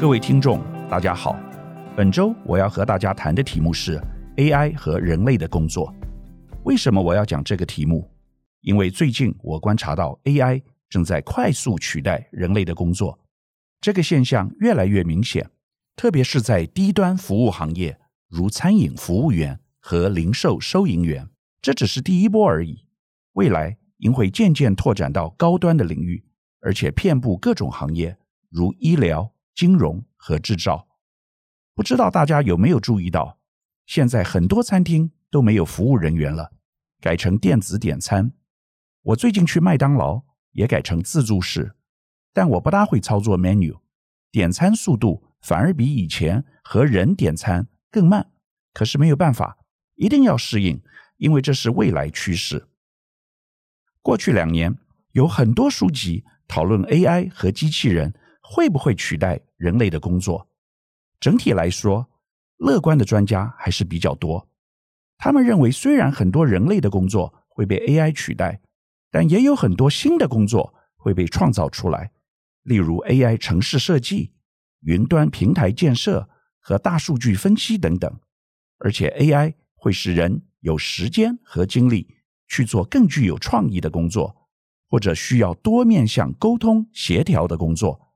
各位聽眾，大家好。本周我要和大家談的題目是 AI 和人類的工作。為什麼我要講這個題目？因為最近我觀察到 AI 正在快速取代人類的工作，這個現象越來越明顯，特別是在低端服務行業，如餐飲服務員和零售收銀員。這只是第一波而已，未來應會漸漸拓展到高端的領域，而且遍布各種行業，如醫療。金融和製造，不知道大家有沒有注意到，現在很多餐廳都沒有服務人員了，改成電子點餐。我最近去麥當勞也改成自助式，但我不大會操作 menu，點餐速度反而比以前和人點餐更慢。可是沒有辦法，一定要適應，因為這是未來趨勢。過去兩年有很多書籍討論 AI 和機器人會不會取代。人類的工作，整體來說，樂觀的專家還是比較多。他們認為，雖然很多人類的工作會被 AI 取代，但也有很多新的工作會被創造出來。例如，AI 城市設計、雲端平台建設和大數據分析等等。而且，AI 會使人有時間和精力去做更具有創意的工作，或者需要多面向溝通協調的工作。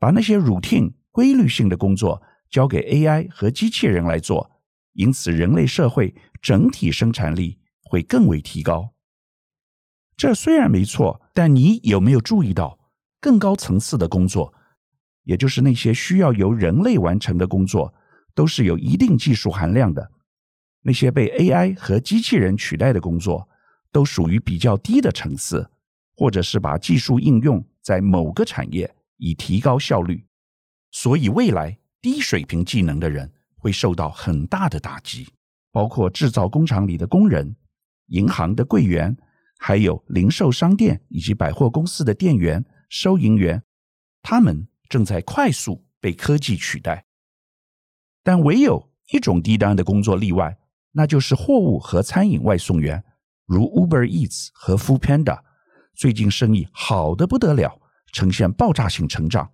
把那些 routine 規律性的工作交給 AI 和機器人來做，因此人類社會整體生產力會更為提高。這雖然沒錯，但你有沒有注意到，更高層次的工作，也就是那些需要由人類完成的工作，都是有一定技術含量的。那些被 AI 和機器人取代的工作，都屬於比較低的層次，或者是把技術應用在某個產業。以提高效率，所以未來低水平技能的人會受到很大的打擊，包括製造工廠裡的工人、銀行的櫃員，還有零售商店以及百貨公司的店員、收銀員，他們正在快速被科技取代。但唯有一種低端的工作例外，那就是貨物和餐飲外送員，如 Uber Eats 和 Foodpanda，最近生意好得不得了。呈現爆炸性成長，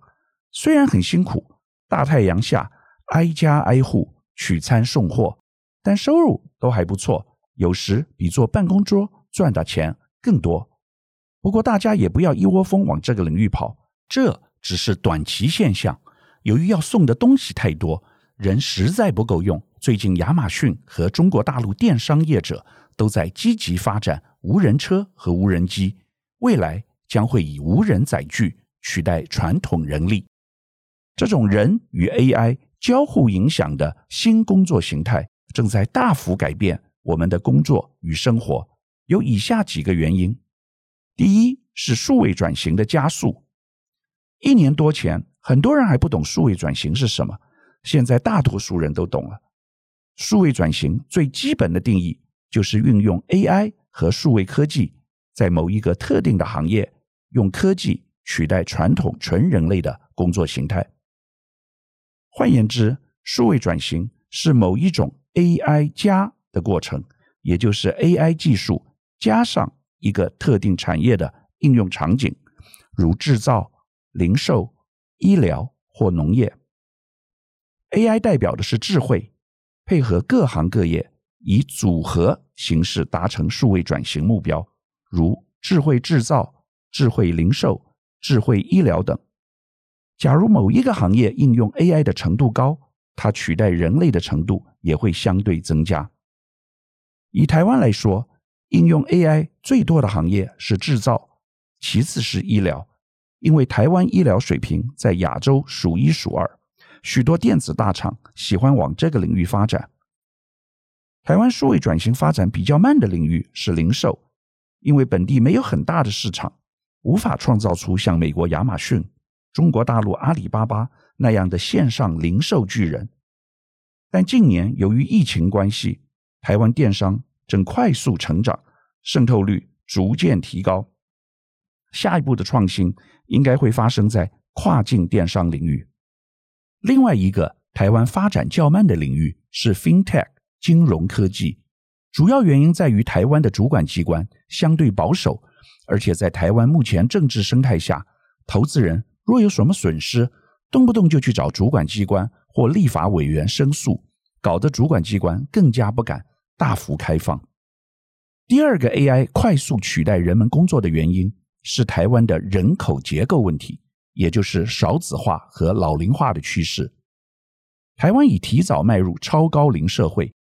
雖然很辛苦，大太陽下挨家挨戶取餐送貨，但收入都還不錯，有時比坐辦公桌賺的錢更多。不過大家也不要一窩蜂往這個領域跑，這只是短期現象。由於要送的東西太多，人實在不夠用。最近亞馬遜和中國大陸電商業者都在積極發展無人車和無人機，未來，將會以無人載具取代傳統人力，這種人與 AI 交互影響的新工作形態正在大幅改變我們的工作與生活。有以下幾個原因：第一是數位轉型的加速。一年多前，很多人還不懂數位轉型是什麼，現在大多數人都懂了。數位轉型最基本的定義就是運用 AI 和數位科技在某一個特定的行業。用科技取代傳統純人類的工作形態。換言之，數位轉型是某一種 AI 加的過程，也就是 AI 技術加上一個特定產業的應用場景，如制造、零售、醫療或農業。AI 代表的是智慧，配合各行各業，以組合形式達成數位轉型目標，如智慧制造。智慧零售、智慧醫療等。假如某一個行業應用 AI 的程度高，它取代人類的程度也會相對增加。以台灣來說，應用 AI 最多的行業是製造，其次是醫療，因為台灣醫療水平在亞洲數一數二，許多電子大廠喜歡往這個領域發展。台灣數位轉型發展比較慢的領域是零售，因為本地沒有很大的市場。無法創造出像美國亞馬遜、中國大陸阿里巴巴那樣的線上零售巨人，但近年由於疫情關係，台灣電商正快速成長，滲透率逐漸提高。下一步的創新應該會發生在跨境電商領域。另外一個台灣發展較慢的領域是 FinTech 金融科技，主要原因在於台灣的主管機關相對保守。而且在台灣目前政治生態下，投資人若有什麼損失，動不動就去找主管機關或立法委員申訴，搞得主管機關更加不敢大幅開放。第二個 AI 快速取代人們工作的原因是台灣的人口結構問題，也就是少子化和老齡化的趨勢。台灣已提早邁入超高齡社會，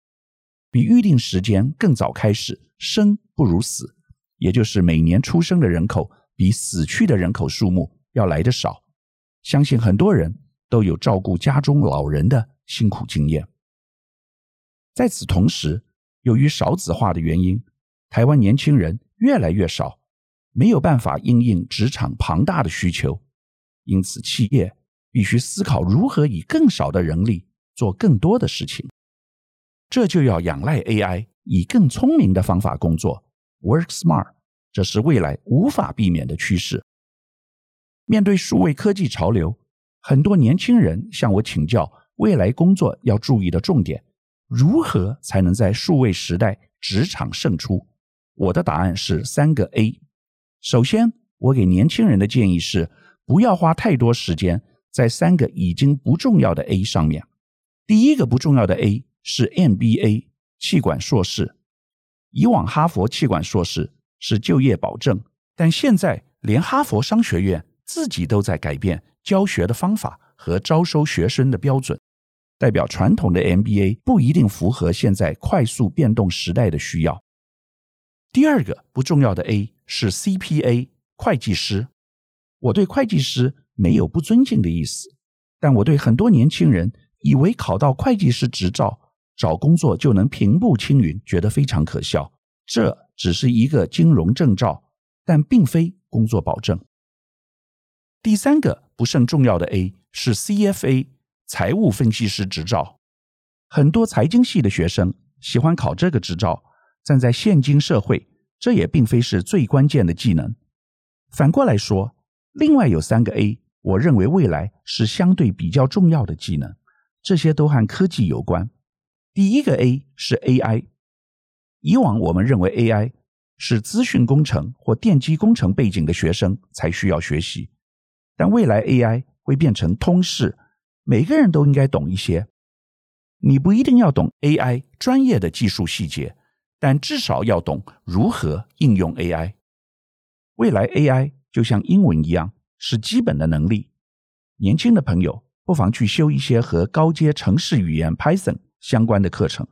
比預定時間更早開始，生不如死。也就是每年出生的人口比死去的人口數目要來得少，相信很多人都有照顧家中老人的辛苦經驗。在此同時，由於少子化的原因，台灣年輕人越來越少，沒有辦法應應職場龐大的需求，因此企業必須思考如何以更少的人力做更多的事情，這就要仰賴 AI 以更聰明的方法工作。Work smart，這是未來無法避免的趨勢。面對數位科技潮流，很多年輕人向我請教未來工作要注意的重點，如何才能在數位時代職場勝出？我的答案是三個 A。首先，我給年輕人的建議是，不要花太多時間在三個已經不重要的 A 上面。第一個不重要的 A 是 MBA，企管碩士。以往哈佛企管碩士是就業保證，但現在連哈佛商學院自己都在改變教學的方法和招收學生的標準，代表傳統的 MBA 不一定符合現在快速變動時代的需要。第二個不重要的 A 是 CPA 會計師，我對會計師沒有不尊敬的意思，但我對很多年輕人以為考到會計師執照，找工作就能平步青雲，覺得非常可笑。這只是一個金融證照，但並非工作保證。第三個不甚重要的 A 是 CFA，財務分析師執照。很多財經系的學生喜歡考這個執照，但在現今社會，這也並非是最關鍵的技能。反過來說，另外有三個 A，我認為未來是相對比較重要的技能，這些都和科技有關。第一個 A 是 AI，以往我們認為 AI 是資訊工程或電機工程背景的學生才需要學習，但未來 AI 會變成通識，每個人都應該懂一些。你不一定要懂 AI 專業的技術細節，但至少要懂如何應用 AI。未來 AI 就像英文一樣，是基本的能力。年輕的朋友不妨去修一些和高階程式語言 Python。相關的課程。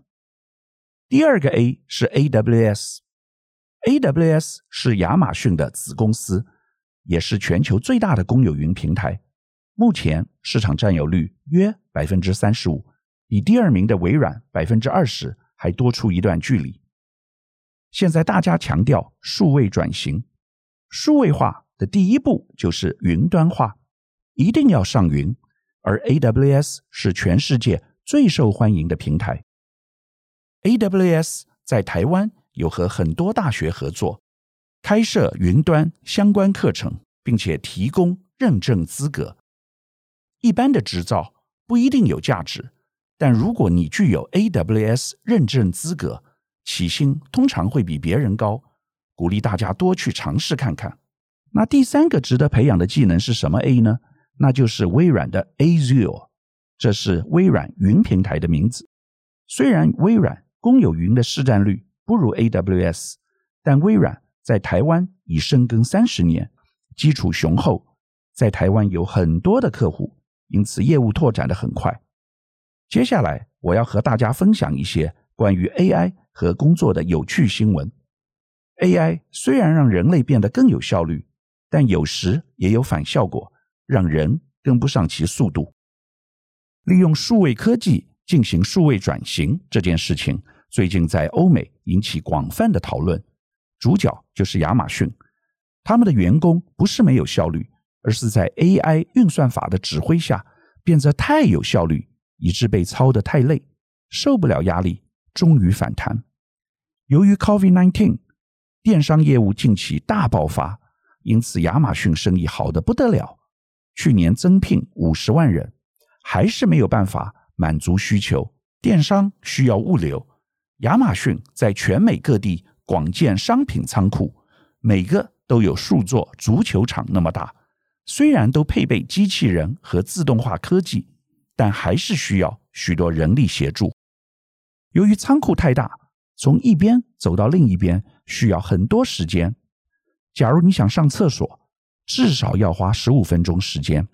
第二個 A 是 AWS，AWS AWS 是亞馬遜的子公司，也是全球最大的公有雲平台，目前市場佔有率約百分之三十五，比第二名的微軟百分之二十還多出一段距離。現在大家強調數位轉型，數位化的第一步就是雲端化，一定要上雲，而 AWS 是全世界。最受歡迎的平台，AWS 在台灣有和很多大學合作，開設雲端相關課程，並且提供認證資格。一般的執照不一定有價值，但如果你具有 AWS 認證資格，起薪通常會比別人高。鼓勵大家多去嘗試看看。那第三個值得培養的技能是什麼 A 呢？那就是微軟的 Azure。這是微軟雲平台的名字。雖然微軟公有雲的市占率不如 AWS，但微軟在台灣已深耕三十年，基礎雄厚，在台灣有很多的客戶，因此業務拓展得很快。接下來，我要和大家分享一些關於 AI 和工作的有趣新聞。AI 雖然讓人類變得更有效率，但有時也有反效果，讓人跟不上其速度。利用數位科技進行數位轉型這件事情，最近在歐美引起廣泛的討論。主角就是亞馬遜，他們的員工不是沒有效率，而是在 AI 運算法的指揮下變得太有效率，以致被操得太累，受不了壓力，終於反彈。由於 COVID-19 電商業務近期大爆發，因此亞馬遜生意好得不得了，去年增聘五十萬人。還是沒有辦法滿足需求，電商需要物流，亞馬遜在全美各地廣建商品倉庫，每個都有數座足球場那麼大。雖然都配備機器人和自動化科技，但還是需要許多人力協助。由於倉庫太大，從一邊走到另一邊需要很多時間。假如你想上廁所，至少要花十五分鐘時間。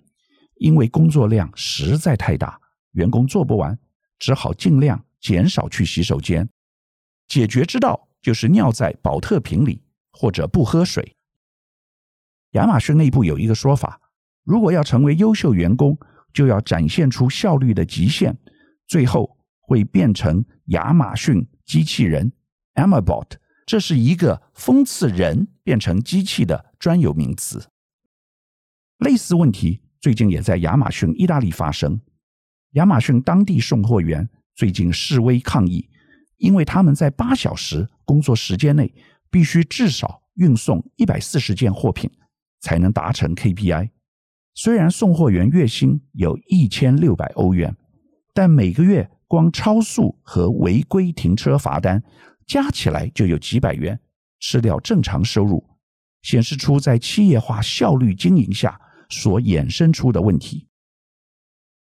因為工作量實在太大，員工做不完，只好盡量減少去洗手間。解決之道就是尿在保特瓶裡，或者不喝水。亞馬遜內部有一個說法：如果要成為優秀員工，就要展現出效率的極限，最後會變成亞馬遜機器人，Amabot，這是一個諷刺人變成機器的專有名詞。類似問題。最近也在亞馬遜意大利發生。亞馬遜當地送貨員最近示威抗議，因為他們在八小時工作時間內必須至少運送一百四十件貨品才能達成 KPI。雖然送貨員月薪有一千六百歐元，但每個月光超速和違規停車罰單加起來就有幾百元，吃掉正常收入。顯示出在企業化效率經營下，所衍生出的問題。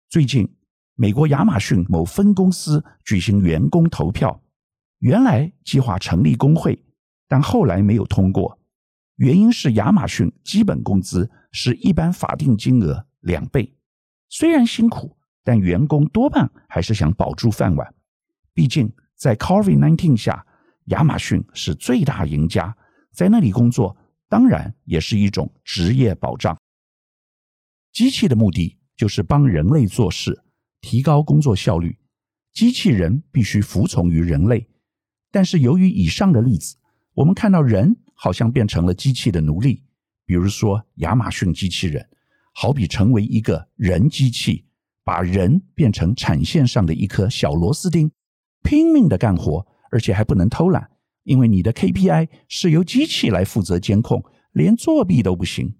最近，美國亞馬遜某分公司舉行員工投票，原來計劃成立工會，但後來沒有通過。原因是亞馬遜基本工資是一般法定金額兩倍，雖然辛苦，但員工多半還是想保住飯碗。畢竟，在 COVID-19 下，亞馬遜是最大贏家，在那裡工作當然也是一種職業保障。機器的目的就是幫人類做事，提高工作效率。機器人必須服從於人類，但是由於以上的例子，我們看到人好像變成了機器的奴隸。比如說亞馬遜機器人，好比成為一個人機器，把人變成產線上的一顆小螺絲釘，拼命地幹活，而且還不能偷懶，因為你的 KPI 是由機器來負責監控，連作弊都不行。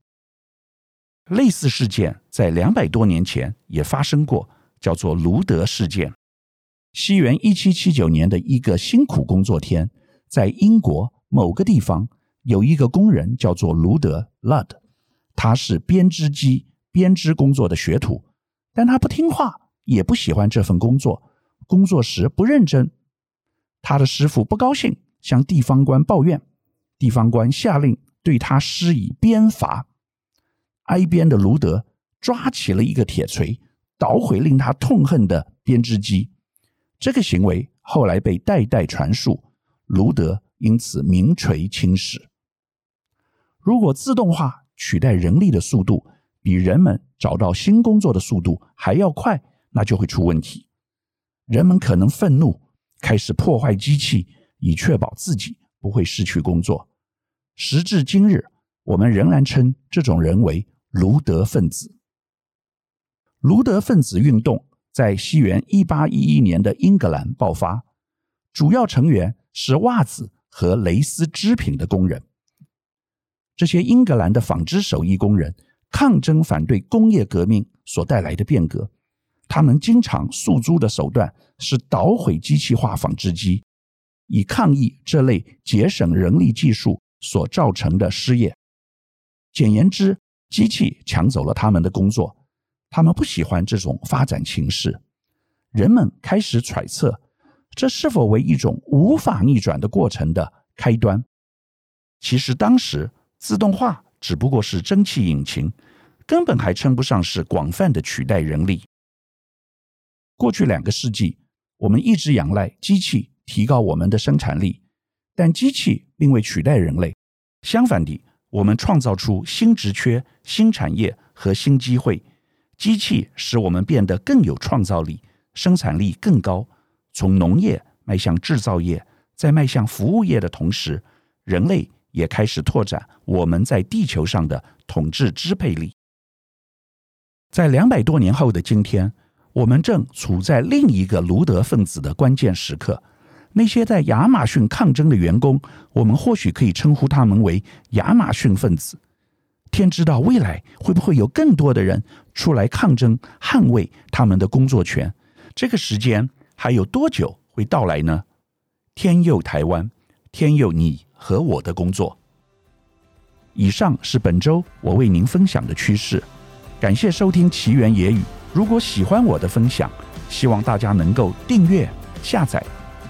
類似事件在兩百多年前也發生過，叫做“盧德事件”。西元一七七九年的一個辛苦工作天，在英國某個地方，有一個工人叫做盧德 l u d，他是編織機編織工作的學徒，但他不聽話，也不喜歡這份工作，工作時不認真。他的師傅不高興，向地方官抱怨，地方官下令對他施以鞭罰。挨邊的盧德抓起了一個鐵錘，搗毀令他痛恨的編織機。這個行為後來被代代傳述，盧德因此名垂青史。如果自動化取代人力的速度比人們找到新工作的速度還要快，那就會出問題。人們可能憤怒，開始破壞機器，以確保自己不會失去工作。時至今日，我們仍然稱這種人為。盧德分子，盧德分子運動在西元一八一一年的英格蘭爆發，主要成員是襪子和蕾絲織品的工人。這些英格蘭的紡織手藝工人抗爭，反對工業革命所帶來的變革。他們經常訴諸的手段是搗毀機器化紡織機，以抗議這類節省人力技術所造成的失業。簡言之，機器搶走了他們的工作，他們不喜歡這種發展形勢。人們開始揣測，這是否為一種無法逆轉的過程的開端？其實當時自動化只不過是蒸汽引擎，根本還稱不上是廣泛的取代人力。過去兩個世紀，我們一直仰賴機器提高我們的生產力，但機器並未取代人類，相反地。我們創造出新職缺、新產業和新機會。機器使我們變得更有創造力，生產力更高。從農業邁向製造業，再邁向服務業的同時，人類也開始拓展我們在地球上的統治支配力。在兩百多年後的今天，我們正處在另一個盧德分子的關鍵時刻。那些在亞馬遜抗爭的員工，我們或許可以稱呼他們為亞馬遜分子。天知道未來會不會有更多的人出來抗爭，捍衛他們的工作權？這個時間還有多久會到來呢？天佑台灣，天佑你和我的工作。以上是本周我為您分享的趨勢。感謝收聽奇緣野語。如果喜歡我的分享，希望大家能夠訂閱下載。